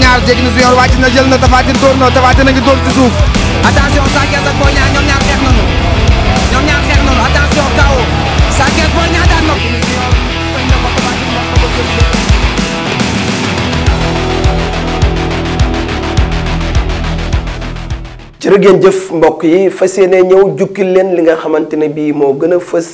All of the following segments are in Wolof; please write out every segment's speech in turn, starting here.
na su yor wàcc na jël na ci suuf attention mbokk yi fas yéene ñëw jukkil leen li nga xamante ne bii moo gën a fas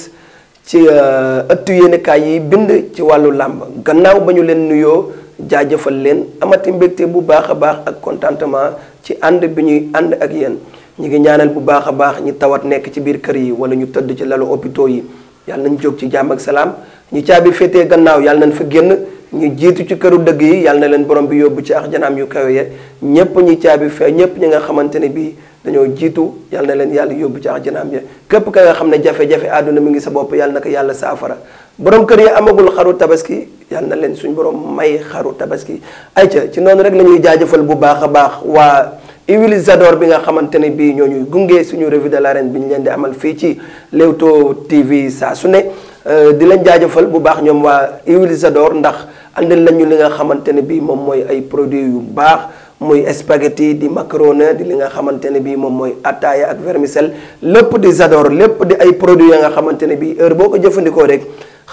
ci euh, ëttu yéenekaay yi bind ci wàllu làmb gannaaw ba ñu leen nuyoo jaajëfal leen amati mbégte bu baax a baax ak contentement ci ànd bi ñuy ànd ak yéen ñu ngi ñaanal bu baax a baax ñi tawat nekk ci biir kër yi wala ñu tëdd ci lalu hôpitaux yi yàlla nañ jóg ci jàmm ak salaam ñu caabi féetee gannaaw yàlla nañ fa génn ñu jiitu ci këru dëgg yi yàlla na leen borom bi yóbbu ci àjjanaam yu kawe ya ñépp ñi caabi fee ñépp ñi nga xamante ne bii dañoo jiitu yàlla leen yàlla yóbbu ci àjjanaam ya képp ka nga xam ne jafe-jafe àdduna mi ngi sa bopp yàlla na ko yàlla saafara borom kër yi amagul xaru tabaski yàlla leen suñu borom may xaru tabaski ayca ci noonu rek la ñuy jaajëfal bu baax a baax waa Iwilisador bi nga xamante ne bii ñoo ñuy gunge suñu revue de la l'arène bi ñu leen di amal fii ci Leewtoo TV saa su ne euh, di leen jaajëfal bu baax ñoom waa Iwilisador ndax andil nañu li nga xamante ne bii moom mooy ay produits yu baax. muy spaghetti di macaroni di li nga xamante ne bii moom mooy ataaya ak vermicelle lépp di Zador lépp di ay produits ya nga xamante ne bii heure boo jëfandikoo rek.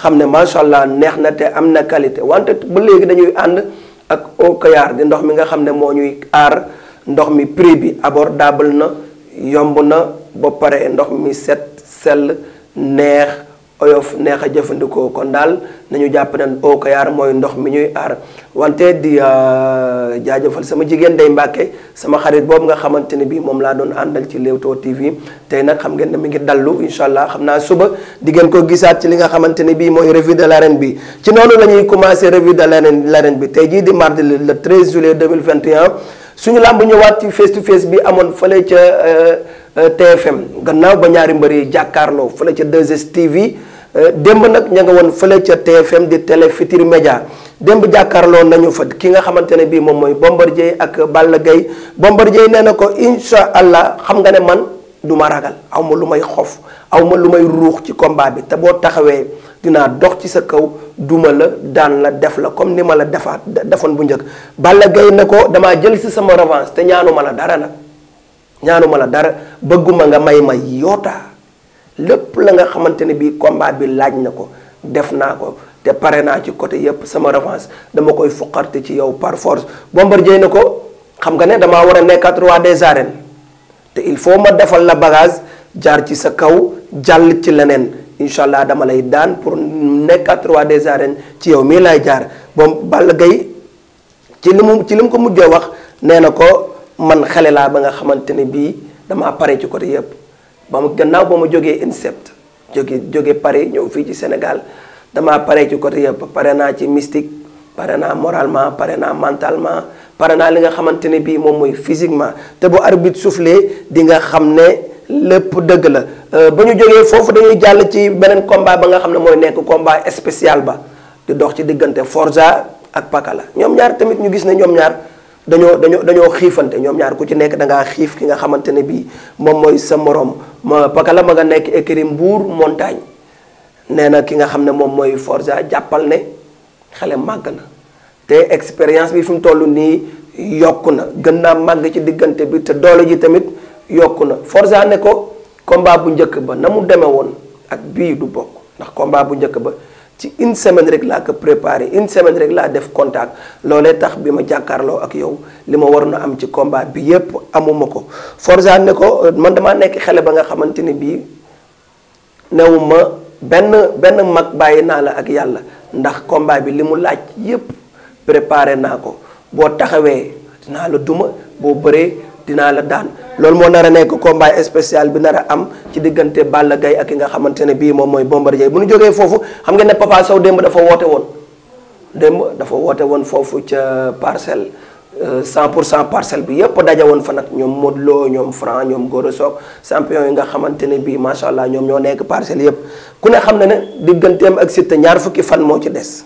xam ne macha allah neex na te am na qualité wante ba léegi dañuy ànd ak eau di ndox mi nga xam ne moo ñuy aar ndox mi prix bi abordable na yomb na ba pare ndox mi set sell neex. oyof neex a jëfandikoo kon daal nañu jàpp ne oo ko mooy ndox mi ñuy aar wante di euh, jaajafal sama jigéen day Mbàkke sama xarit boobu nga xamante ne bii moom laa doon àndal ci Leewtoo TV tey nag xam ngeen ne mi ngi dallu incha allah xam naa suba di ngeen ko gisaat ci li nga xamante ne bii mooy revue de l'arène bi ci noonu la ñuy commencé revue de l'arène l'arène bi tey jii di mardi le 13 juillet 2021 suñu làmb ñëwaat ci face to face bi amoon fële ca. Euh, Euh, TFM gannaaw ba ñaari mbër yi jàkkaarloo fële ca 2STV euh, démb nag ña nga woon fële ca TFM di Télé Futurs Médias démb jàkkaarloo nañu fa ki nga xamante ne bii moom mooy Bombardier ak Balla Gaye Bombardier nee na ko incha allah xam nga ne man du ma ragal aw lu may xof awma lu may ruux ci combat bi te boo taxawee dinaa dox ci sa kaw duma la daan la def la comme ni ma la defaat defoon bu njëkk Balla Gaye ne ko damaa jël si sama revanche te ñaanuma la dara nag. ñaanu ma la dara bëgguma nga may ma yoota lépp la nga xamante ne bii combat bi laaj na ko def naa ko te pare naa ci côté yépp sama revanche dama koy fuqarte ci yow par force Bombardier na ko xam nga ne damaa war a nekkaat roi des arènes te il faut ma defal la bagage jaar ci sa kaw jàll ci leneen incha allah dama lay daan pour nekkaat roi des arènes ci yow mii lay jaar bon Balla Gaye ci li mu ci li mu ko mujjee wax nee na ko man xale laa ba nga xamante ne bii damaa pare ci côté yëpp ba mu gannaaw ba ma jógee INSEPT jóge jóge Paris ñëw fii ci Sénégal damaa pare ci côté yëpp pare naa ci mystique pare naa moralement pare naa mentalement pare naa li nga xamante ne bii moom mooy physiquement te bu arbitre soufflé di nga xam ne lépp dëgg la euh, ba ñu jógee foofu dañuy jàll ci beneen combat ba nga xam ne mooy nekk combat spécial ba di dox ci diggante Forza ak Pakala ñoom ñaar tamit ñu gis ne ñoom ñaar. dañoo dañoo dañoo xiifante ñoom ñaar ku ci nekk da ngaa xiif ki nga xamante ne bii moom mooy sa morom ma pakala ma nga nekk écurie Mbour montagne nee na ki nga xam ne moom mooy forja jàppal ne xale màgg na te expérience bi fi mu toll nii yokk na gën naa màgg ci diggante bi te doole ji tamit yokk na Forza ne ko combat bu njëkk ba na mu demee woon ak bii du bokk ndax combat bu njëkk ba ci une semaine rek laa ko préparé une semaine rek laa def contact loolee tax bi ma jàkkaarloo ak yow li ma waroon a am ci combat bi yépp amuma ko Forza ne ko man damaa nekk xale ba nga xamante ni bii newuma benn benn mag bàyyi naa la ak yàlla ndax combat bi li mu laaj yépp préparer naa ko boo taxawee dinaa la duma boo bëree dinaa la daan loolu moo nar nekk combat spécial bi nar am ci diggante Balla Gaye ak ki nga xamante ne bii moom mooy Bombardier bu nu jógee foofu xam nga ne Papa Sow démb dafa woote woon démb dafa woote woon foofu ca parcelle 100 euh, pour cent parcelle bi yëpp daje woon fa nag ñoom Modou Lo ñoom Franc ñoom Gora Sock champion yi nga xamante ne bii macha allah ñoom ñoo nekk parcelle yëpp ku ne xam na ne digganteem ak Siteu ñaar fukki fan moo ci des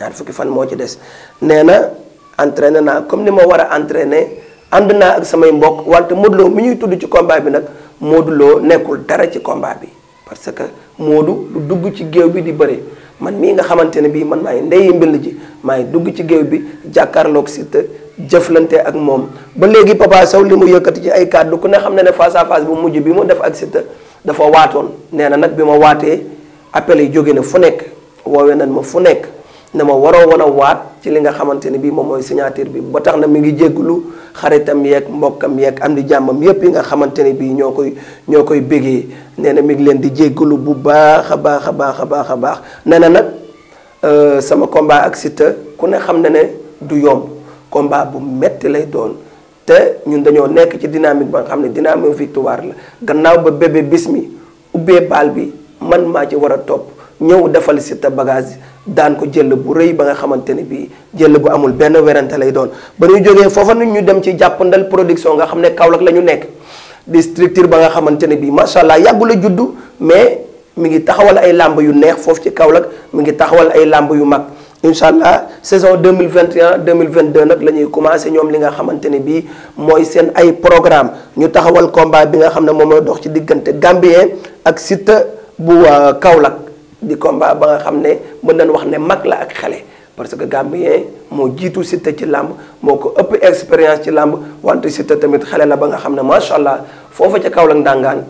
ñaar fukki fan moo ci des nee na entraîné naa comme ni ma war a entraîné. ànd naa ak samay mbokk wante Modou Lo ñuy tudd ci combat bi nag Modou Lo nekkul dara ci combat bi parce que Modou lu dugg ci géew bi di bëre man mii nga xamante ne bii man maay ndeyi mbill ji maay dugg ci géew bi jàkkaarloog jëflante ak moom ba léegi Papa li mu yëkkati ci ay kàddu ku ne xam ne ne face à bu mujj bi mu def ak Siteu dafa waatoon nee na nag bi ma waatee appel yi jóge na fu nekk woowee nañ ma fu nekk ne ma waroo woon a waat ci li nga xamante ne bii moom mooy signature bi ba tax na mi ngi jégglu xaritam yeeg mbokkam yeeg am di jàmmam yépp yi nga xamante ne bii ñoo koy ñoo koy bégee nee na mi leen di jéggalu bu baax a baax a baax a baax a baax nee na nag euh, sama combat ak Siteu ku ne xam na ne du yomb komba bu metti lay doon te ñun dañoo nekk ci dynamique ba nga xam ne dynamique victoire la gannaaw ba bébé bis mi ubbee baal bi man maa ci war a topp ñëw defal Siteu bagage daan ko jël bu rëy ba nga xamante ni bii jël bu amul benn werante lay doon ba ñu jógee foofa nit ñu dem ci jàppandal production nga xam ne Kaolack la ñu nekk di structure ba nga xamante ne bii macha allah yàggu la juddu mais mi ngi taxawal ay làmb yu neex foofu ci Kaolack mi ngi taxawal ay làmb yu mag incha allah saison 2021 2022 nag la ñuy commencé ñoom li nga xamante ne bii mooy seen ay programme ñu taxawal combat bi nga xam ne moom mooy dox ci diggante Gambien ak Siteu bu euh, Kaolack. di combat ba nga xam ne mën nañ wax ne mag la ak xale parce que Gambien moo jiitu Siteu ci làmb moo ko ëpp expérience ci làmb wante Siteu tamit xale la ba nga xam ne macha allah foofa ca Kaolack ndàngaan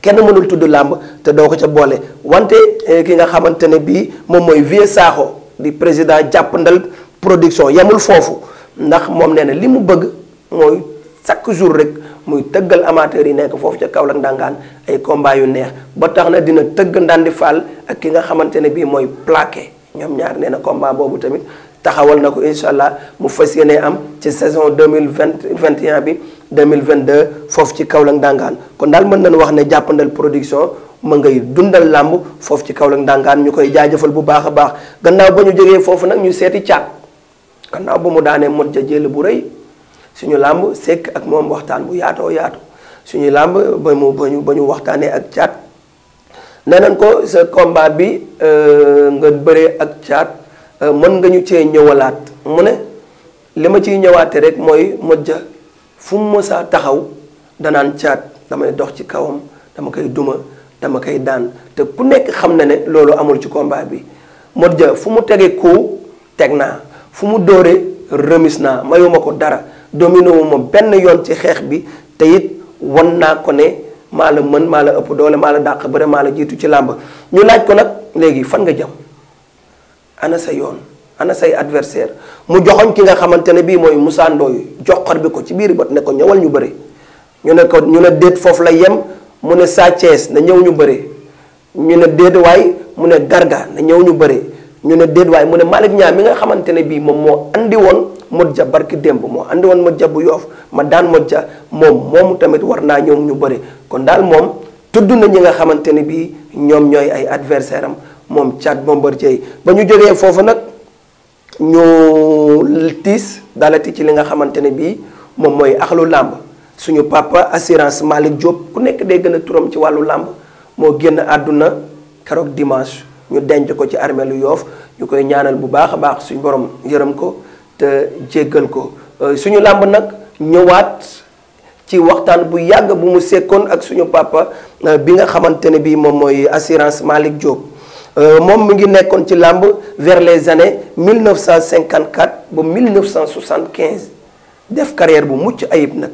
kenn mënul tudd làmb te doo ko ca boole wante eh, ki nga xamante ne bii moom mooy Vieux Sakho di président jàppandal production yemul foofu ndax moom nee na li mu bëgg mooy chaque jour rek. muy tëggal amateur yi nekk foofu ci Kaolack ndangaan ay combat yu neex ba tax na dina tëgg ndandi faal ak ki nga xamante ne bii mooy plaqué ñoom ñaar nee na combat boobu tamit taxawal na ko incha allah mu fas yéene am ci saison deux mille vingt vingt et bi deux mille vingt deux foofu ci Kaolack ndangaan kon daal mën na wax ne jàppandal production. ma ngay dundal làmb foofu ci Kaolack ndàngaan ñu koy jaajëfal bu baax a baax gannaaw ba ñu jógee foofu nag ñu seeti caat gannaaw ba mu daanee mot ja jël bu rëy suñu làmb sekk ak moom waxtaan bu yaatoo yaatu suñu làmb ba mu ba ñu waxtaanee ak caat nee nañ ko sa kombaar bi euh, nga bëree ak caat euh, mën nga ñu cee ñëwalaat mu ne li ma ciy ñëwaatee rek mooy mojja fu mu mësaa taxaw danaan caat damay dox ci kawam dama koy duma dama koy daan te ku nekk xam na ne loolu amul ci combat bi mojja fu mu tege ko teg naa fu mu dóoree remis naa mayuma ko dara dominé wu ma benn yoon ci xeex bi te it wan naa ko ne maa la mën maa la ëpp doole maa la dàq bëre maa la jiitu ci làmb ñu naaj ko nag léegi fan nga jëm ana sa yoon ana say adversaire mu joxoñ ki nga xamante ne bii mooy Moussa Ndoye joxor bi ko ci biir bët ne ko ñëwal ñu bëre ñu ne ko ñu ne déet foofu la yem mu ne Sa Thiès na ñëw ñu bëre ñu ne déet waay mu ne Garga na ñëw ñu bëre ñu ne déet waay mu ne Malick ñaa mi nga xamante ne bii moom moo indi woon Modou Dia barku démb moo andi woon Modou Dia bu yoof ma daan Modou ja moom moomu tamit war naa ñëw ñu bëri kon daal moom tudd na ñi nga xamante ne bii ñoom ñooy ay adversaire am moom Thiat Bombardier ba ñu jógee foofu nag ñu tiis dalati ci li nga xamante ne bii moom mooy axlu làmb suñu papa assurance Malick Diop ku nekk day gën a turam ci wàllu làmb moo génn àdduna keroog dimanche. ñu denc ko ci armeelu Yoff ñu koy ñaanal bu baax a baax suñu borom yërëm ko te jéggal ko euh, suñu làmb nag ñëwaat ci waxtaan bu yàgg bu mu sekkoon ak suñu papa euh, bi nga xamante ne bii moom mooy assurance Malick Diop euh, moom mu ngi nekkoon ci làmb vers les années 1954 ba 1975 def carrière bu mucc ayib nag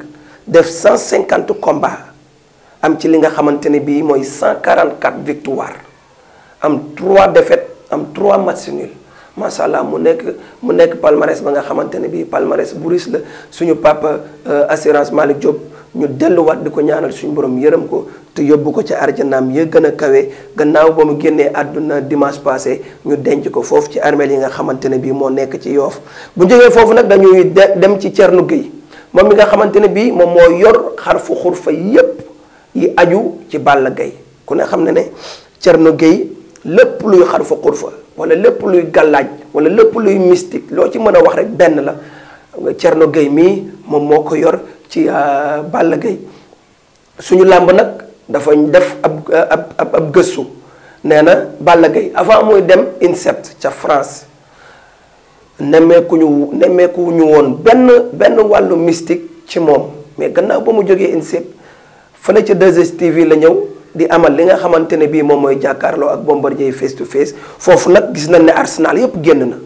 def cinquante combats am ci li nga xamante ne bii mooy 144 victoire am trois défaites am trois matchs nuls macha allah mu nekk mu nekk palmarès ba nga xamante ne bii palmarès bu la suñu papa euh, assurance Malick Diop ñu delluwaat di ko ñaanal suñu borom yërëm ko te yóbbu ko ci arjanaam ya gën a kawe gannaaw ba mu génnee àdduna dimanche passé ñu denc ko foofu ci armeel yi nga xamante ne bii moo nekk ci yoof bu jógee foofu nag dañuy dem ci Thierno Gueye moom mi nga xamante ne bii moom moo yor xarfu xurfa yépp yi aju ci Balla Gaye ku ne xam ne ne Thierno Gueye lépp luy xarfa xurfa wala lépp luy gàllaaj wala lépp luy mystique loo ci mën a wax rek benn la Thierno Gueye mii moom moo ko yor ci euh, Balla Gaye suñu làmb nag dafa def ab ab ab gëstu nee na Balla Gaye avant muy dem INSEP ca France nemmeeku ñu nemmeeku ñu woon benn benn wàllu mystique ci moom mais gannaaw ba mu jógee INSEP fële ca 2STV la ñëw. di amal li nga xamante ne bii moom mooy jàkkaarloo ak Bombardier face to face foofu nag gis nañ ne Arsenal yëpp génn na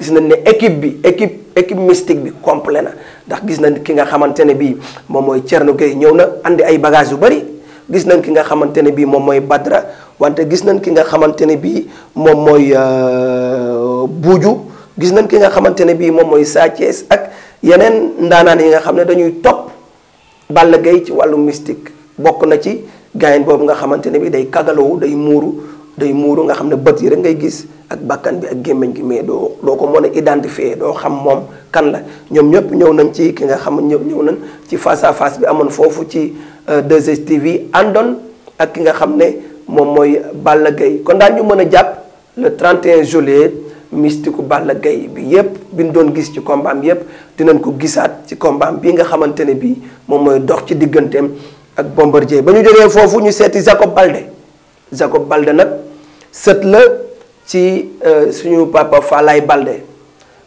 gis nañ ne équipe bi équipe équipe mystique bi complet na ndax gis nañ ki nga xamante ne bii moom mooy Thierno Gueye ñëw na andi ay bagages yu bari gis nañ ki nga xamante ne bii moom mooy Badra wante gis nañ ki nga xamante ne bii moom mooy euh, Buuju gis nañ ki nga xamante ne bii moom mooy Sa ak yeneen ndaanaan yi nga xam ne dañuy topp Balla Gaye ci wàllu mystique bokk na ci. gaayen boobu nga xamante ne bi day kagalowu day muuru day muuru nga xam ne bët yi rek ngay gis ak bakkan bi ak gémmiñ gi mais doo doo ko mën a identifier doo xam moom kan la ñoom ñëpp ñëw nañ ci ki nga xam ñëw ñëw nañ ci face à face bi amoon foofu ci 2STV euh, àndoon ak ki nga xam ne moom mooy Balla Gaye kon daal ñu mën a jàpp le 31 juillet mystiku Balla Gaye bi yépp bi ñu doon gis ci kombaam yépp dinañ ko gisaat ci kombaam bii nga xamante ne bii moom mooy dox ci digganteem ak Bombardier ba ñu jógee foofu ñu seeti Jacob Balde Jacob Balde nag sët la ci euh, suñu papa Falaay Balde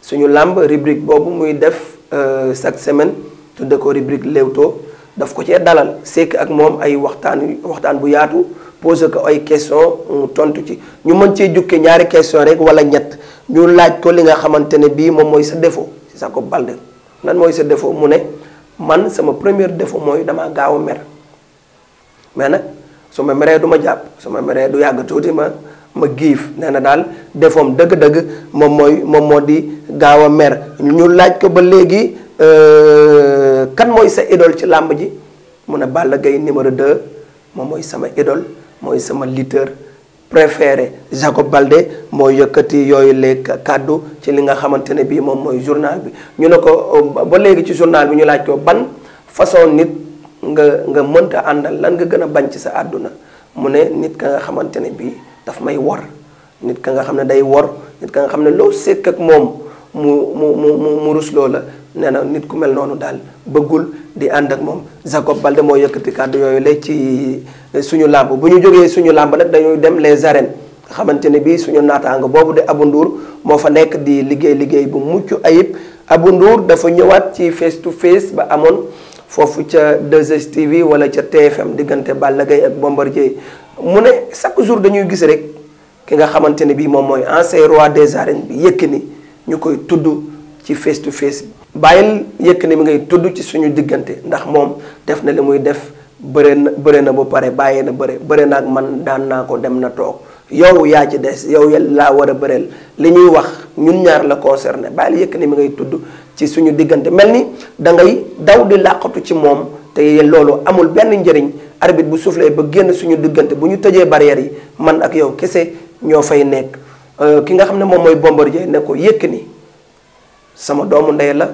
suñu làmb rubrique boobu muy def euh, chaque semaine tudde ko rubrique Leewtoo daf ko cee dalal sekk ak moom ay waxtaan waxtaan bu yaatu posé ko ay question mu tontu ci ñu mën cee jukke ñaari question rek wala ñett ñu laaj ko li nga xamante ne bii moom mooy sa defoo ci Jacob Balde lan mooy sa defoo mu ne man sama première défaut mooy damaa gaaw a mer mais nag su ma meree du ma jàpp su ma meree du yàgg tuuti ma ma giif nee na daal defoom dëgg-dëgg moom mooy moom moo di gaaw a mer ñu laaj ko ba léegi euh, kan mooy sa idole ci làmb ji mu a Balla Gaye numéro 2 moom mooy sama idole mooy sama lutteur préféré Jacob Balde moo yëkkati yooyu léeg kàddu ci li nga xamante ne bii moom mooy journal bi ñu ne ko ba léegi ci journal bi ñu laaj ko ban façon nit nga nga mënta àndal lan nga gën a bañ ci sa àdduna mu ne nit ka nga xamante ne bii dafa may wor nit ka nga xam ne day wor nit ka nga xam ne loo sekk ak moom mu mu mu mu rusloo la nee na nit ku mel noonu daal bëggul di ànd ak moom Jacob Balde moo yëkkati kàddu yooyu la ci eh, suñu làmb bu ñu jógee suñu làmb nag dañuy dem les arènes nga xamante ne bii suñu naataango boobu de Abou Ndour moo fa nekk di liggéey liggéey bu mucc ayib Abou Ndour dafa ñëwaat ci face to ba amoon. foofu ca 2STV wala ca TFM diggante Balla Gaye ak Bombardier mu ne chaque jour dañuy gis rek ki nga xamante ne bii moom mooy ancien roi des arènes bi ni ñu koy tudd ci face to face bàyyil Yékini mi ngay tudd ci suñu diggante ndax moom def na li muy def bëre na bëre na ba pare bàyyee na bëre bëre na ak man daan naa ko dem na toog yow yaa ci des yow laa war a bëreel li ñuy wax ñun ñaar la concerné bàyyi yëkk ni mu ngay tudd ci suñu diggante mel ni da ngay daw di làqatu ci moom te loolu amul benn njëriñ arbitre bu soufflé ba génn suñu diggante bu ñu tëjee barrière yi man ak yow kese ñoo fay nekk euh, ki nga xam ne moom mooy Bombardier ne ko yëkk ni sama doomu ndey la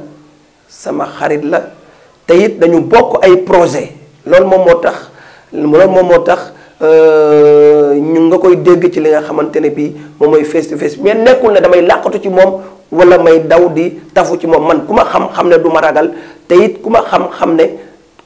sama xarit la te it dañu bokk ay projet loolu moom moo tax loolu moom moo tax Euh, ñu nga koy dégg ci li nga xamante ne bii moom mooy face to face mais nekkul ne damay làqatu ci moom wala may daw di tafu ci moom man ku ma xam xam ne du ma ragal te it ku ma xam xam ne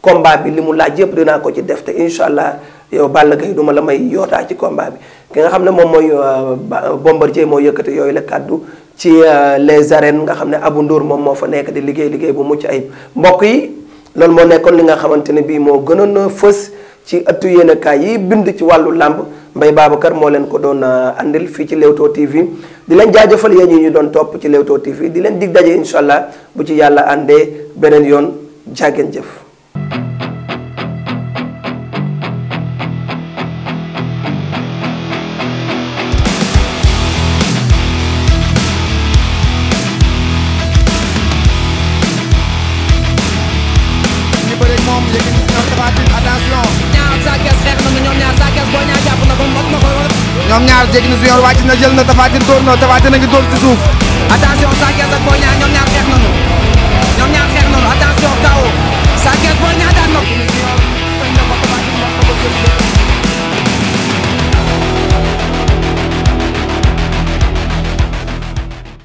combat bi li mu laaj yëpp dinaa ko ci def te incha allah yow Balla Gaye du la may yootaa ci combat bi. ki nga xam ne moom mooy euh, Bombardier moo yëkkate yooyu la kàddu ci euh, les arènes nga xam ne abu ndóor moom moo fa nekk di liggéey liggéey bu mucc ayib mbokk yi loolu moo nekkoon li nga xamante ne bii moo gënoon a fës. ci ëttu yéenekaay yi bind ci wàllu làmb Mbaye Babacar moo leen ko doon euh, andil fii ci Leewtoo TV di leen jaajëfal yéen ñi ñu doon topp ci Leewtoo TV di leen dig daje incha allah bu ci yàlla àndee beneen yoon jàggeen jëf ñoom ñaar jéggi na junior wàcc na jël na tafaatin dóor na tafaatin a ngi dóor ci suuf attention Sa Thiès ak Boy Niang ñoom ñaar xeex nañu ñoom ñaar xeex nañu attention kaw Sa Thiès Boy Niang daan na